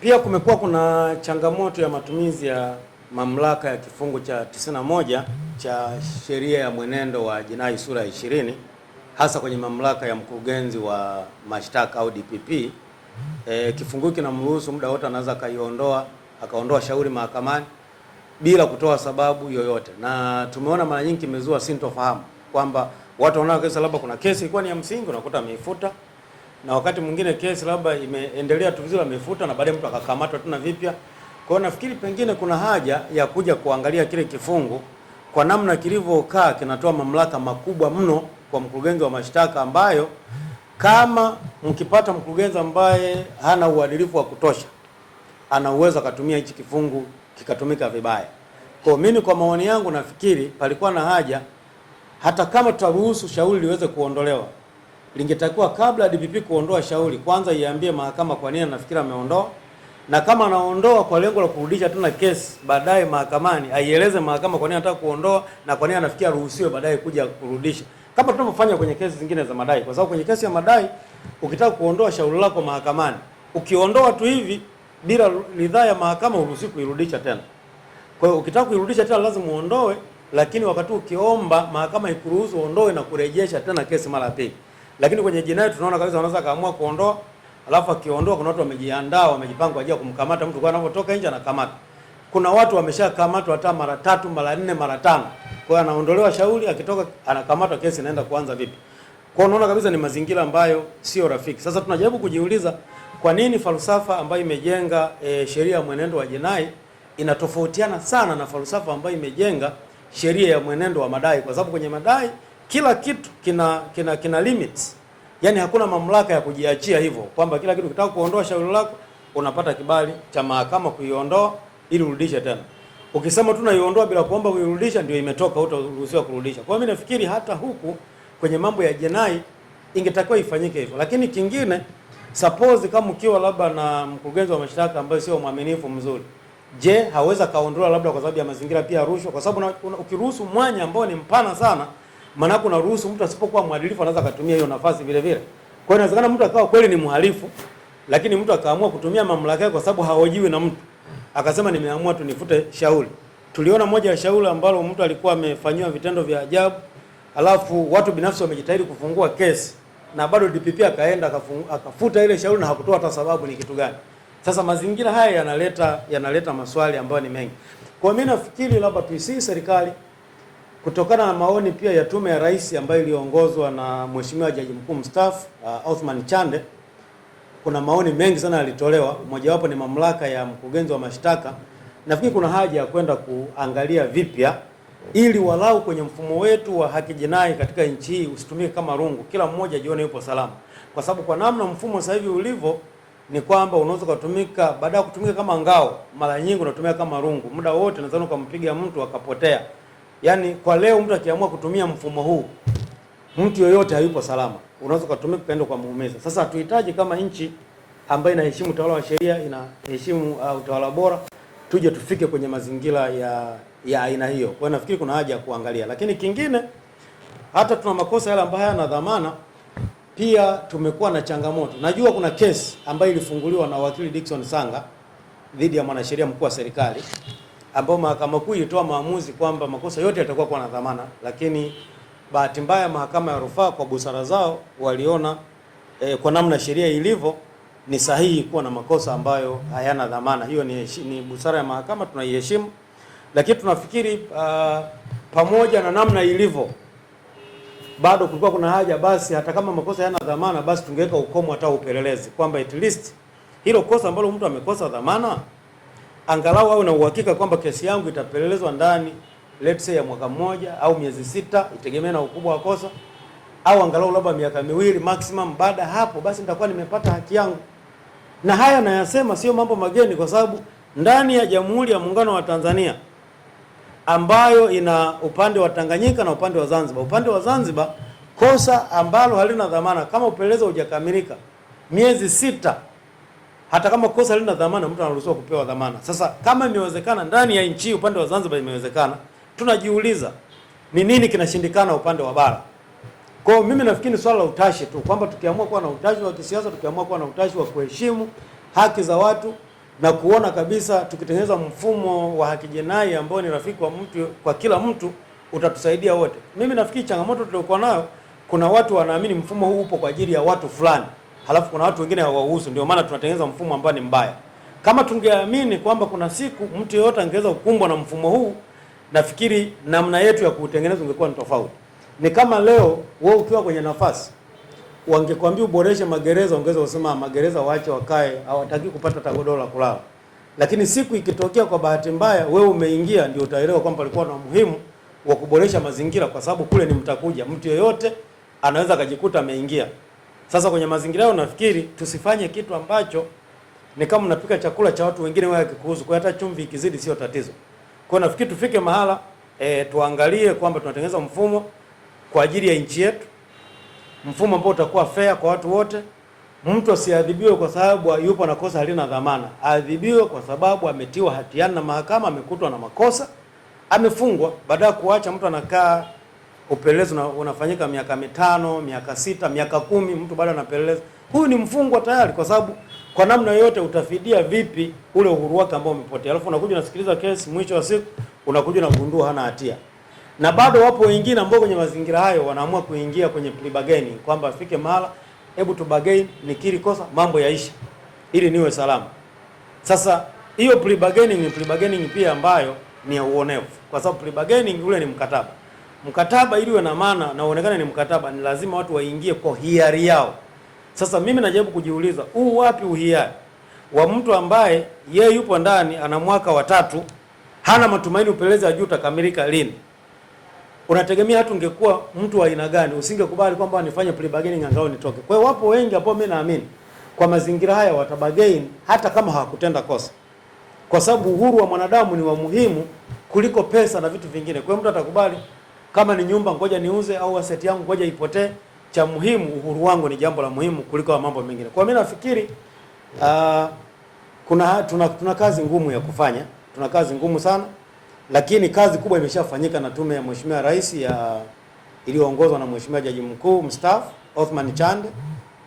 Pia kumekuwa kuna changamoto ya matumizi ya mamlaka ya kifungu cha 91 cha sheria ya mwenendo wa jinai sura ya ishirini hasa kwenye mamlaka ya mkurugenzi wa mashtaka au DPP. E, kifungu kinamruhusu muda wote anaweza akaiondoa akaondoa shauri mahakamani bila kutoa sababu yoyote, na tumeona mara nyingi kimezua sintofahamu kwamba watu wanaona kesi labda kuna kesi ilikuwa ni ya msingi unakuta ameifuta na wakati mwingine kesi labda imeendelea tu vizuri, amefuta na baadaye mtu akakamatwa tena vipya. Kwa hiyo nafikiri pengine kuna haja ya kuja kuangalia kile kifungu kwa namna kilivyokaa, kinatoa mamlaka makubwa mno kwa mkurugenzi wa mashtaka, ambayo kama mkipata mkurugenzi ambaye hana uadilifu wa kutosha, ana uwezo akatumia hichi kifungu kikatumika vibaya. Kwa mimi, kwa maoni yangu, nafikiri palikuwa na haja hata kama tutaruhusu shauri liweze kuondolewa lingetakiwa kabla DPP kuondoa shauri, kwanza iambie mahakama kwa nini anafikiri ameondoa, na kama anaondoa kwa lengo la kurudisha tena kesi baadaye mahakamani, aieleze mahakama kwa nini anataka kuondoa na kwa nini anafikia ruhusiwe baadaye kuja kurudisha, kama tunavyofanya kwenye kesi zingine za madai, kwa sababu kwenye kesi ya madai ukitaka kuondoa shauri lako mahakamani, ukiondoa tu hivi bila ridhaa ya mahakama, uruhusi kuirudisha tena. Kwa hiyo ukitaka kuirudisha tena lazima uondoe, lakini wakati ukiomba mahakama ikuruhusu uondoe na kurejesha tena kesi mara ya pili. Lakini kwenye jinai tunaona kabisa wanaweza kaamua kuondoa, alafu akiondoa kuna watu wamejiandaa, wamejipanga kwa ajili ya kumkamata mtu kwa anapotoka nje na kamata. Kuna watu wameshakamatwa hata mara tatu, mara nne, mara tano. Kwa hiyo anaondolewa shauri, akitoka anakamatwa, kesi inaenda kuanza vipi? Kwa unaona kabisa ni mazingira ambayo sio rafiki. Sasa tunajaribu kujiuliza kwa nini falsafa ambayo imejenga e, sheria ya mwenendo wa jinai inatofautiana sana na falsafa ambayo imejenga sheria ya mwenendo wa madai, kwa sababu kwenye madai kila kitu kina kina, kina limit. yaani hakuna mamlaka ya kujiachia hivyo kwamba kila kitu kitaka kuondoa shauri lako unapata kibali cha mahakama kuiondoa ili urudishe tena. Ukisema tu naiondoa bila kuomba kuirudisha, ndio imetoka, hutaruhusiwa kurudisha. Kwa hiyo mimi nafikiri hata huku kwenye mambo ya jinai ingetakiwa ifanyike hivyo, lakini kingine suppose kama ukiwa labda na mkurugenzi wa mashtaka ambaye sio mwaminifu mzuri, je, haweza kaondoa labda kwa sababu ya mazingira pia rushwa, kwa sababu ukiruhusu mwanya ambao ni mpana sana maana kuna ruhusu mtu asipokuwa mwadilifu anaweza akatumia hiyo nafasi vile vile. Kwa hiyo inawezekana mtu akawa kweli ni mhalifu, lakini mtu akaamua kutumia mamlaka yake kwa sababu hahojiwi na mtu, akasema nimeamua tunifute shauri. Tuliona moja ya shauri ambalo mtu alikuwa amefanyiwa vitendo vya ajabu, alafu watu binafsi wamejitahidi kufungua kesi na bado DPP akaenda akafuta ile shauri na hakutoa hata sababu ni kitu gani. Sasa mazingira haya yanaleta yanaleta maswali ambayo ni mengi. Kwa mimi nafikiri labda tuisii serikali Kutokana na maoni pia ya tume ya rais ambayo iliongozwa na Mheshimiwa Jaji Mkuu mstaafu uh, Othman Chande, kuna maoni mengi sana yalitolewa. Mojawapo ni mamlaka ya mkurugenzi wa mashtaka. Nafikiri kuna haja ya kwenda kuangalia vipya ili walau kwenye mfumo wetu wa haki jinai katika nchi hii usitumike kama rungu, kila mmoja jione yupo salama, kwa sababu kwa namna mfumo sasa hivi ulivyo ni kwamba unaweza kutumika baada ya kutumika kama ngao, mara nyingi unatumia kama rungu. Muda wote unaweza ukampiga mtu akapotea. Yaani kwa leo mtu akiamua kutumia mfumo huu, mtu yoyote hayupo salama, unaweza kutumia ukaenda kwa muumeza. Sasa tuhitaji kama nchi ambayo inaheshimu utawala wa sheria, inaheshimu uh, utawala bora, tuje tufike kwenye mazingira ya ya aina hiyo. Kwa nafikiri kuna haja ya kuangalia, lakini kingine, hata tuna makosa yale ambayo hayana dhamana. Pia tumekuwa na changamoto. Najua kuna kesi ambayo ilifunguliwa na wakili Dickson Sanga dhidi ya mwanasheria mkuu wa serikali ambao mahakama kuu ilitoa maamuzi kwamba makosa yote yatakuwa kuwa na dhamana, lakini bahati mbaya mahakama ya rufaa kwa busara zao waliona eh, kwa namna sheria ilivyo ni sahihi kuwa na makosa ambayo hayana dhamana. Hiyo ni, ni busara ya mahakama tunaiheshimu, lakini tunafikiri uh, pamoja na namna ilivyo bado kulikuwa kuna haja basi, hata kama makosa hayana dhamana, basi tungeweka ukomo hata upelelezi kwamba at least hilo kosa ambalo mtu amekosa dhamana angalau awe na uhakika kwamba kesi yangu itapelelezwa ndani let's say ya mwaka mmoja au miezi sita, itegemea na ukubwa wa kosa, au angalau labda miaka miwili maximum. Baada hapo basi nitakuwa nimepata haki yangu. Na haya nayasema sio mambo mageni, kwa sababu ndani ya Jamhuri ya Muungano wa Tanzania ambayo ina upande wa Tanganyika na upande wa Zanzibar. Upande wa Zanzibar kosa ambalo halina dhamana kama upelelezi hujakamilika miezi sita hata kama kosa lina dhamana, mtu anaruhusiwa kupewa dhamana. Sasa kama imewezekana ndani ya nchi, upande wa Zanzibar imewezekana, tunajiuliza ni nini kinashindikana upande wa bara. Kwa hiyo mimi nafikiri ni swala la utashi tu, kwamba tukiamua kuwa na utashi wa kisiasa, tukiamua kuwa na utashi wa kuheshimu haki za watu na kuona kabisa tukitengeneza mfumo wa haki jinai ambao ni rafiki wa mtu kwa kila mtu, utatusaidia wote. Mimi nafikiri changamoto tuliokuwa nayo, kuna watu wanaamini mfumo huu upo kwa ajili ya watu fulani halafu kuna watu wengine hawahusu. Ndio maana tunatengeneza mfumo ambao ni mbaya. Kama tungeamini kwamba kuna siku mtu yeyote angeweza kukumbwa na mfumo huu, nafikiri namna yetu ya kuutengeneza ungekuwa ni tofauti. Ni kama leo wewe ukiwa kwenye nafasi wangekwambia uboreshe magereza, ungeweza kusema ah, magereza waache wakae, hawataki kupata tagodoro la kulala. Lakini siku ikitokea kwa bahati mbaya wewe umeingia, ndio utaelewa kwamba palikuwa na muhimu wa kuboresha mazingira, kwa sababu kule ni mtakuja mtu yeyote anaweza akajikuta ameingia. Sasa kwenye mazingira hayo, nafikiri tusifanye kitu ambacho ni kama unapika chakula cha watu wengine, wao akikuhusu, kwa hata chumvi ikizidi sio tatizo. Kwa hiyo nafikiri tufike mahala e, tuangalie kwamba tunatengeneza mfumo kwa ajili ya nchi yetu, mfumo ambao utakuwa fair kwa watu wote. Mtu asiadhibiwe kwa sababu yupo na kosa halina dhamana, aadhibiwe kwa sababu ametiwa hatiani na mahakama, amekutwa na makosa, amefungwa, baada ya kuacha mtu anakaa upelelezi una, unafanyika miaka mitano, miaka sita, miaka kumi, mtu bado anapeleleza. Huyu ni mfungwa tayari, kwa sababu kwa namna yoyote utafidia vipi ule uhuru wake ambao umepotea. Alafu unakuja unasikiliza kesi, mwisho wa siku unakuja unagundua hana hatia, na bado wapo wengine ambao kwenye mazingira hayo wanaamua kuingia kwenye plea bargaining, kwamba afike mahala, hebu tu bargain, nikiri kosa, mambo yaisha, ili niwe salama. Sasa hiyo plea bargaining ni plea bargaining pia ambayo ni ya uonevu, kwa sababu plea bargaining ule ni mkataba mkataba ili uwe na maana na uonekane ni mkataba, ni lazima watu waingie kwa hiari yao. Sasa mimi najaribu kujiuliza, huu wapi uhiari wa mtu ambaye yeye yupo ndani ana mwaka wa tatu, hana matumaini upelelezi wa juu utakamilika lini? Unategemea hata ungekuwa mtu wa aina gani usingekubali kwamba anifanye plea bargaining angao nitoke? Kwa hiyo wapo wengi ambao mimi naamini kwa mazingira haya watabagain hata kama hawakutenda kosa, kwa sababu uhuru wa mwanadamu ni wa muhimu kuliko pesa na vitu vingine. Kwa hiyo mtu atakubali kama ni nyumba ngoja niuze, au asset yangu ngoja ipotee. Cha muhimu uhuru wangu ni jambo la muhimu kuliko wa mambo mengine. Kwa mimi nafikiri uh, kuna tuna, tuna kazi ngumu ya kufanya, tuna kazi ngumu sana, lakini kazi kubwa imeshafanyika na tume ya Mheshimiwa Rais ya iliyoongozwa na Mheshimiwa Jaji Mkuu mstaafu Othman Chande,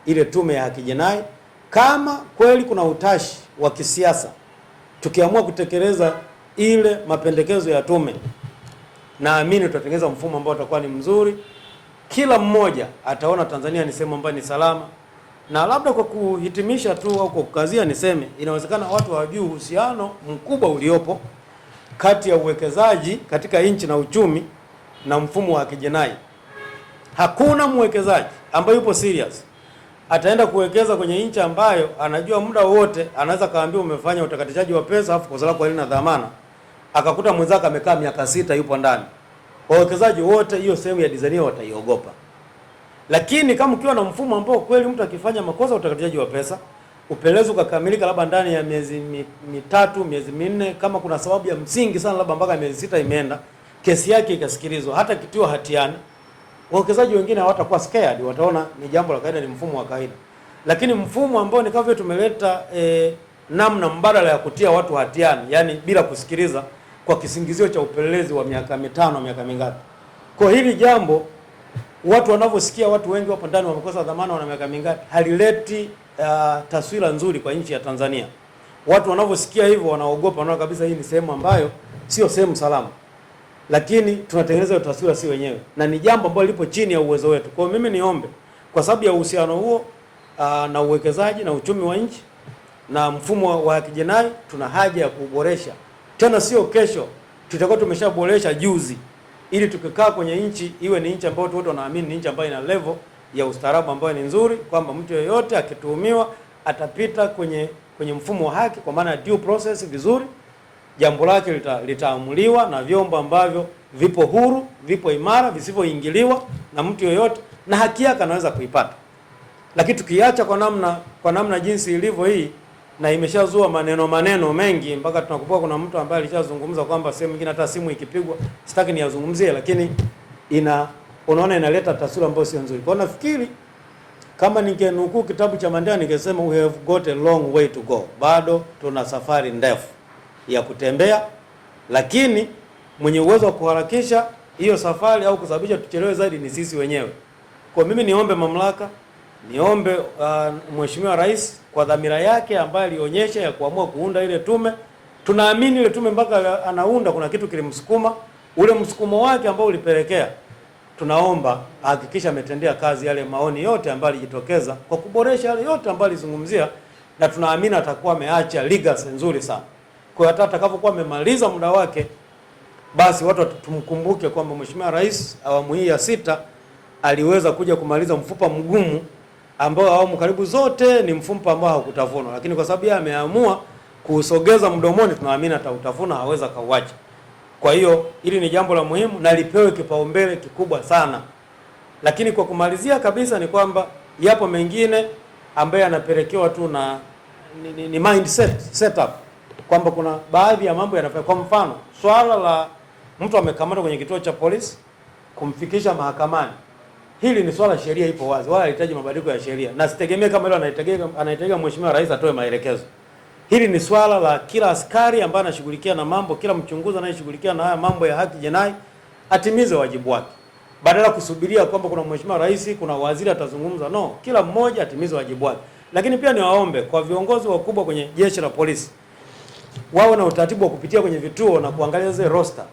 ile tume ya haki jinai. Kama kweli kuna utashi wa kisiasa, tukiamua kutekeleza ile mapendekezo ya tume naamini tutatengeneza mfumo ambao utakuwa ni mzuri, kila mmoja ataona Tanzania ni sehemu ambayo ni salama. Na labda kwa kuhitimisha tu au kwa kukazia, niseme inawezekana watu hawajui uhusiano mkubwa uliopo kati ya uwekezaji katika nchi na uchumi na mfumo wa kijinai. Hakuna mwekezaji ambaye yupo serious ataenda kuwekeza kwenye nchi ambayo anajua muda wote anaweza kaambia umefanya utakatishaji wa pesa, afu kwa lako halina dhamana akakuta mwenzake amekaa miaka sita yupo ndani, wawekezaji wote hiyo sehemu ya design wataiogopa. Lakini kama ukiwa na mfumo ambao kweli mtu akifanya makosa utakatishaji wa pesa, upelelezi ukakamilika labda ndani ya miezi mitatu, miezi minne, kama kuna sababu ya msingi sana, labda mpaka miezi sita imeenda, kesi yake ikasikilizwa, hata kitiwa hatiani, wawekezaji wengine hawatakuwa scared, wataona ni jambo la kawaida, ni mfumo wa kawaida. Lakini mfumo ambao ni kama vile tumeleta eh, namna mbadala ya kutia watu hatiani, yani bila kusikiliza kwa kisingizio cha upelelezi wa miaka mitano, miaka mingapi? Kwa hili jambo watu wanavyosikia, watu wengi wapo ndani wamekosa dhamana, wana miaka mingapi, halileti uh, taswira nzuri kwa nchi ya Tanzania. Watu wanavyosikia hivyo wanaogopa, wanaona kabisa hii ni sehemu ambayo sio sehemu salama, lakini tunatengeneza taswira si wenyewe, na ni jambo ambalo lipo chini ya uwezo wetu. Kwa mimi niombe kwa sababu ya uhusiano huo uh, na uwekezaji na uchumi wa nchi na mfumo wa kijinai, tuna haja ya kuboresha tena sio kesho, tutakuwa tumeshaboresha juzi, ili tukikaa kwenye nchi iwe ni nchi ambayo watu wanaamini ni nchi ambayo ina level ya ustaarabu ambayo ni nzuri, kwamba mtu yeyote akituhumiwa atapita kwenye kwenye mfumo wa haki, kwa maana ya due process vizuri, jambo lake lita, litaamuliwa na vyombo ambavyo vipo huru, vipo imara, visivyoingiliwa na mtu yoyote, na haki yake anaweza kuipata. Lakini tukiacha kwa namna kwa namna jinsi ilivyo hii na imeshazua maneno maneno mengi mpaka tunakumbuka kuna mtu ambaye alishazungumza kwamba sehemu nyingine hata simu ikipigwa, sitaki niyazungumzie, lakini ina unaona inaleta taswira ambayo sio nzuri. Kwa nafikiri kama ningenukuu kitabu cha Mandela ningesema we have got a long way to go, bado tuna safari ndefu ya kutembea, lakini mwenye uwezo wa kuharakisha hiyo safari au kusababisha tuchelewe zaidi ni sisi wenyewe. Kwa mimi niombe mamlaka niombe uh, Mheshimiwa Rais kwa dhamira yake ambayo alionyesha ya kuamua kuunda ile tume. Tunaamini ile tume mpaka anaunda kuna kitu kilimsukuma, ule msukumo wake ambao ulipelekea, tunaomba ahakikisha ametendea kazi yale maoni yote ambayo alijitokeza kwa kuboresha yale yote ambayo alizungumzia, na tunaamini atakuwa ameacha legacy nzuri sana. Kwa hata atakapokuwa amemaliza muda wake, basi watu tumkumbuke kwamba Mheshimiwa Rais awamu hii ya sita aliweza kuja kumaliza mfupa mgumu ambao awamu karibu zote ni mfumpa ambao haukutavunwa, lakini kwa sababu yeye ameamua kuusogeza mdomoni, tunaamini atautavuna, haweza kauacha. Kwa hiyo hili ni jambo la muhimu na lipewe kipaumbele kikubwa sana. Lakini kwa kumalizia kabisa ni kwamba yapo mengine ambayo yanapelekewa tu na ni, ni, ni mindset setup kwamba kuna baadhi ya mambo yanafanya. Kwa mfano swala la mtu amekamatwa kwenye kituo cha polisi kumfikisha mahakamani hili ni swala, sheria ipo wazi, wala hahitaji mabadiliko ya sheria, na sitegemee kama hilo anahitajika mheshimiwa rais atoe maelekezo. Hili ni swala la kila askari ambaye anashughulikia na mambo, kila mchunguzi anayeshughulikia na haya mambo ya haki jinai atimize wajibu wake, badala ya kusubiria kwamba kuna mheshimiwa rais, kuna waziri atazungumza. No, kila mmoja atimize wajibu wake. Lakini pia niwaombe kwa viongozi wakubwa kwenye jeshi la polisi wawe na utaratibu wa kupitia kwenye vituo na kuangalia zile roster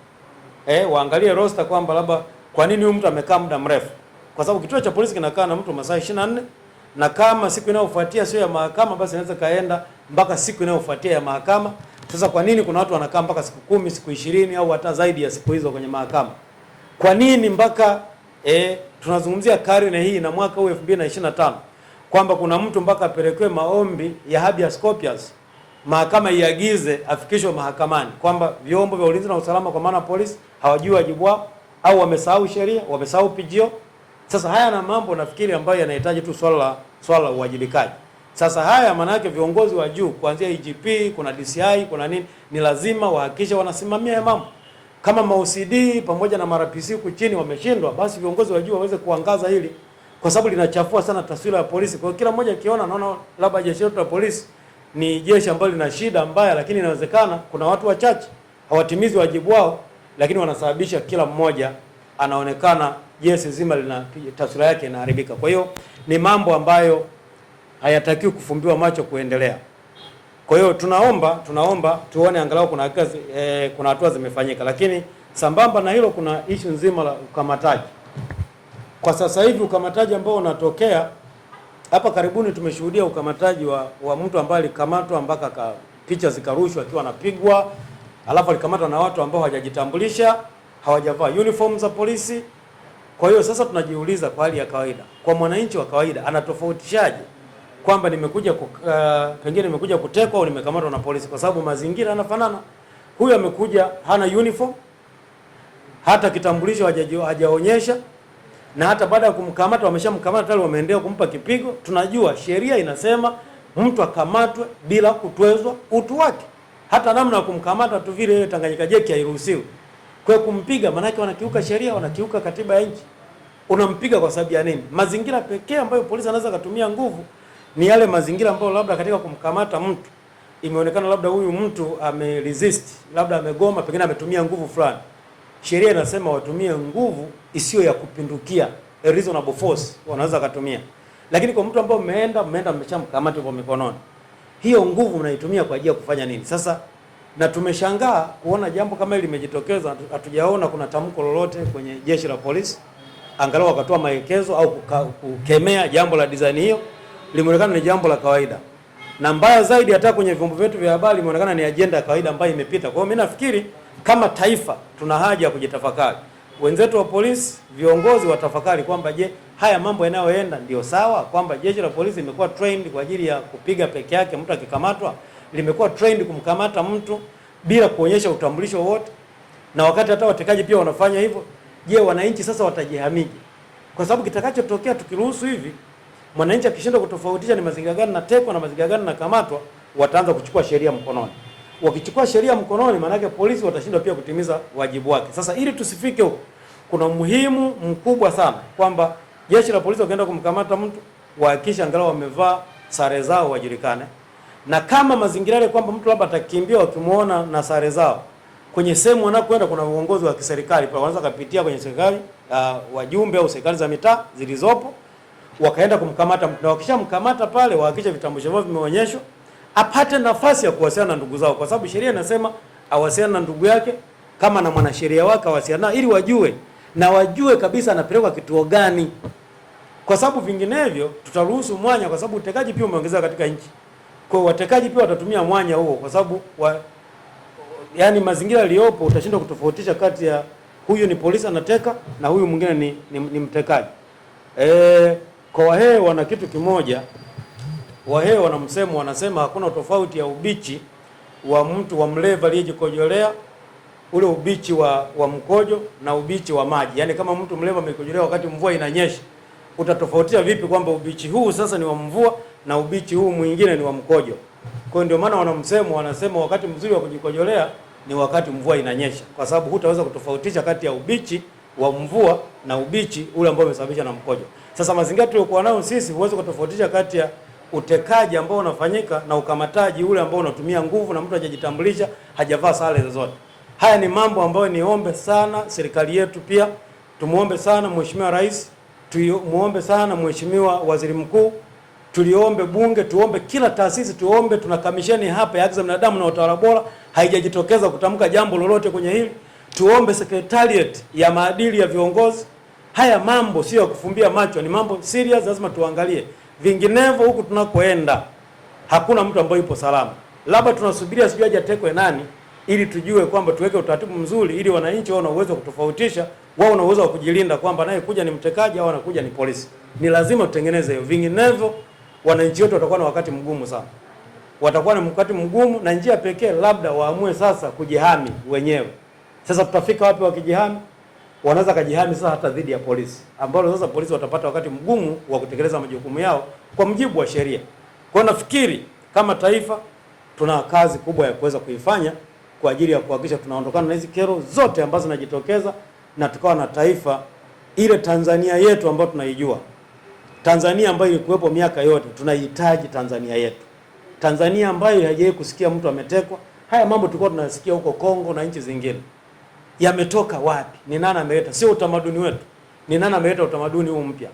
eh, waangalie roster kwamba labda kwa nini huyu mtu amekaa muda mrefu kwa sababu kituo cha polisi kinakaa na mtu masaa 24 na kama siku inayofuatia sio ya mahakama, basi inaweza kaenda mpaka siku inayofuatia ya mahakama. Sasa kwa nini kuna watu wanakaa mpaka siku kumi, siku ishirini au hata zaidi ya siku hizo kwenye mahakama? Kwa nini mpaka e, tunazungumzia karne hii na mwaka huu 2025 kwamba kuna mtu mpaka apelekwe maombi ya habeas corpus, mahakama iagize afikishwe mahakamani, kwamba vyombo vya ulinzi na usalama, kwa maana polisi, hawajui wajibu wao au wamesahau sheria, wamesahau pigio sasa haya na mambo nafikiri ambayo yanahitaji tu swala swala la uwajibikaji. Sasa haya maana yake viongozi wa juu kuanzia IGP, e kuna DCI, kuna nini, ni lazima wahakikishe wanasimamia haya mambo. Kama maOCD pamoja na marapisi huku chini wameshindwa, basi viongozi wa juu waweze kuangaza hili, kwa sababu linachafua sana taswira ya polisi. Kwa hiyo kila mmoja akiona, naona labda jeshi letu la polisi ni jeshi ambalo lina shida mbaya, lakini inawezekana kuna watu wachache hawatimizi wajibu wao, lakini wanasababisha kila mmoja anaonekana jinsi zima lina taswira yake inaharibika. Kwa hiyo ni mambo ambayo hayatakiwi kufumbiwa macho kuendelea. Kwa hiyo tunaomba tunaomba tuone angalau kuna kazi, eh, kuna hatua zimefanyika, lakini sambamba na hilo kuna ishu nzima la ukamataji. Kwa sasa hivi ukamataji ambao unatokea hapa karibuni, tumeshuhudia ukamataji wa, wa mtu ambaye alikamatwa mpaka ka picha zikarushwa akiwa anapigwa, alafu alikamatwa na watu ambao hawajajitambulisha, hawajavaa uniform za polisi. Kwa hiyo sasa tunajiuliza kwa hali ya kawaida, kwa mwananchi wa kawaida anatofautishaje kwamba nimekuja uh, pengine nimekuja kutekwa au nimekamatwa na polisi, kwa sababu mazingira yanafanana. Huyu amekuja hana uniform, hata kitambulisho hajaonyesha, na hata baada ya kumkamata, wameshamkamata tayari, wameendelea kumpa kipigo. Tunajua sheria inasema mtu akamatwe bila kutwezwa utu wake, hata namna ya kumkamata tu vile Tanganyika jeki hairuhusiwi. Kwa hiyo kumpiga, maanake wanakiuka sheria, wanakiuka katiba ya nchi. Unampiga kwa sababu ya nini? Mazingira pekee ambayo polisi anaweza akatumia nguvu ni yale mazingira ambayo labda katika kumkamata mtu imeonekana labda huyu mtu ameresist, labda amegoma, pengine ametumia nguvu fulani. Sheria inasema watumie nguvu isiyo ya kupindukia, a reasonable force wanaweza kutumia. Lakini kwa mtu ambaye umeenda umeenda mmeshamkamata kwa mikononi, hiyo nguvu mnaitumia kwa ajili ya kufanya nini? Sasa na tumeshangaa kuona jambo kama hili limejitokeza. Hatujaona kuna tamko lolote kwenye jeshi la polisi, angalau wakatoa maelekezo au kukemea jambo la design hiyo. Limeonekana ni jambo la kawaida, na mbaya zaidi hata kwenye vyombo vyetu vya habari limeonekana ni ajenda ya kawaida ambayo imepita. Kwa hiyo mimi nafikiri kama taifa tuna haja ya kujitafakari, wenzetu wa polisi, viongozi watafakari kwamba je, haya mambo yanayoenda ndiyo sawa? Kwamba jeshi la polisi imekuwa trained kwa ajili ya kupiga peke yake mtu akikamatwa limekuwa trend kumkamata mtu bila kuonyesha utambulisho wote, na wakati hata watekaji pia wanafanya hivyo. Je, wananchi sasa watajihamije? Kwa sababu kitakachotokea tukiruhusu hivi, mwananchi akishindwa kutofautisha ni mazingira gani natekwa na mazingira gani nakamatwa, wataanza kuchukua sheria mkononi. Wakichukua sheria mkononi, maanake polisi watashindwa pia kutimiza wajibu wake. Sasa ili tusifike huko, kuna umuhimu mkubwa sana kwamba jeshi la polisi wakienda kumkamata mtu wahakikishe angalau wamevaa sare zao, wajulikane na kama mazingira yale kwamba mtu labda atakimbia wakimwona na sare zao kwenye sehemu wanakwenda, kuna uongozi wa kiserikali pale, wanaweza kupitia kwenye serikali uh, wajumbe au serikali za mitaa zilizopo, wakaenda kumkamata mtu, na wakishamkamata pale wahakisha vitambulisho vyao vimeonyeshwa, apate nafasi ya kuwasiliana na ndugu zao, kwa sababu sheria inasema awasiliane na ndugu yake kama na mwanasheria wake awasiliana, ili wajue na wajue kabisa anapelekwa kituo gani, kwa sababu vinginevyo tutaruhusu mwanya, kwa sababu utekaji pia umeongezeka katika nchi. Kwa watekaji pia watatumia mwanya huo, kwa sababu wa, yani mazingira yaliyopo utashindwa kutofautisha kati ya huyu ni polisi anateka na huyu mwingine ni, ni, ni mtekaji. E, kwa Wahehe wana kitu kimoja. Wahehe wana msemo, wanasema hakuna tofauti ya ubichi wa mtu wa mlevi aliyejikojolea ule ubichi wa, wa mkojo na ubichi wa maji. Yaani kama mtu mlevi amekojolea wakati mvua inanyesha, utatofautia vipi kwamba ubichi huu sasa ni wa mvua na ubichi huu mwingine ni wa mkojo. Kwa hiyo ndio maana wanamsemo wanasema wakati mzuri wa kujikojolea ni wakati mvua inanyesha, kwa sababu hutaweza kutofautisha kati ya ubichi wa mvua na ubichi ule ambao umesababishwa na mkojo. Sasa mazingira tuliyokuwa nayo sisi, huwezi kutofautisha kati ya utekaji ambao unafanyika na ukamataji ule ambao unatumia nguvu na mtu hajajitambulisha, hajavaa sare zozote. Haya ni mambo ambayo niombe sana serikali yetu, pia tumuombe sana Mheshimiwa Rais, tumuombe sana Mheshimiwa Waziri Mkuu tuliombe Bunge, tuombe kila taasisi, tuombe tuna kamisheni hapa ya haki za binadamu na utawala bora, haijajitokeza kutamka jambo lolote kwenye hili. Tuombe Secretariat ya maadili ya viongozi. Haya mambo sio ya kufumbia macho, ni mambo serious, lazima tuangalie, vinginevyo huku tunakoenda hakuna mtu ambaye yupo salama. Labda tunasubiria sijui aje atekwe nani, ili tujue kwamba tuweke utaratibu mzuri, ili wananchi wao na uwezo kutofautisha, wao na uwezo wa kujilinda kwamba naye kuja ni mtekaji au anakuja ni polisi. Ni lazima tutengeneze hiyo, vinginevyo wananchi wetu watakuwa na wakati mgumu sana, watakuwa na wakati mgumu, na njia pekee labda waamue sasa kujihami wenyewe. Sasa tutafika wapi wakijihami? Wanaweza kujihami sasa hata dhidi ya polisi, ambapo sasa polisi watapata wakati mgumu wa kutekeleza majukumu yao kwa mujibu wa sheria. Kwa nafikiri kama taifa tuna kazi kubwa ya kuweza kuifanya kwa ajili ya kuhakikisha tunaondokana na hizi kero zote ambazo zinajitokeza na tukawa na taifa ile Tanzania yetu ambayo tunaijua. Tanzania ambayo ilikuwepo miaka yote, tunahitaji Tanzania yetu, Tanzania ambayo haijawahi kusikia mtu ametekwa. Haya mambo tulikuwa tunasikia huko Kongo na nchi zingine, yametoka wapi? Ni nani ameleta? Sio utamaduni wetu, ni nani ameleta utamaduni huu mpya?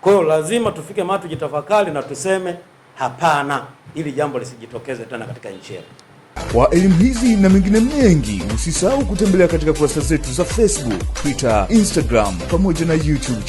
Kwa hiyo lazima tufike mahali tujitafakari na tuseme hapana, ili jambo lisijitokeze tena katika nchi yetu. Kwa elimu hizi na mengine mengi, usisahau kutembelea katika kurasa zetu za Facebook, Twitter, Instagram pamoja na YouTube.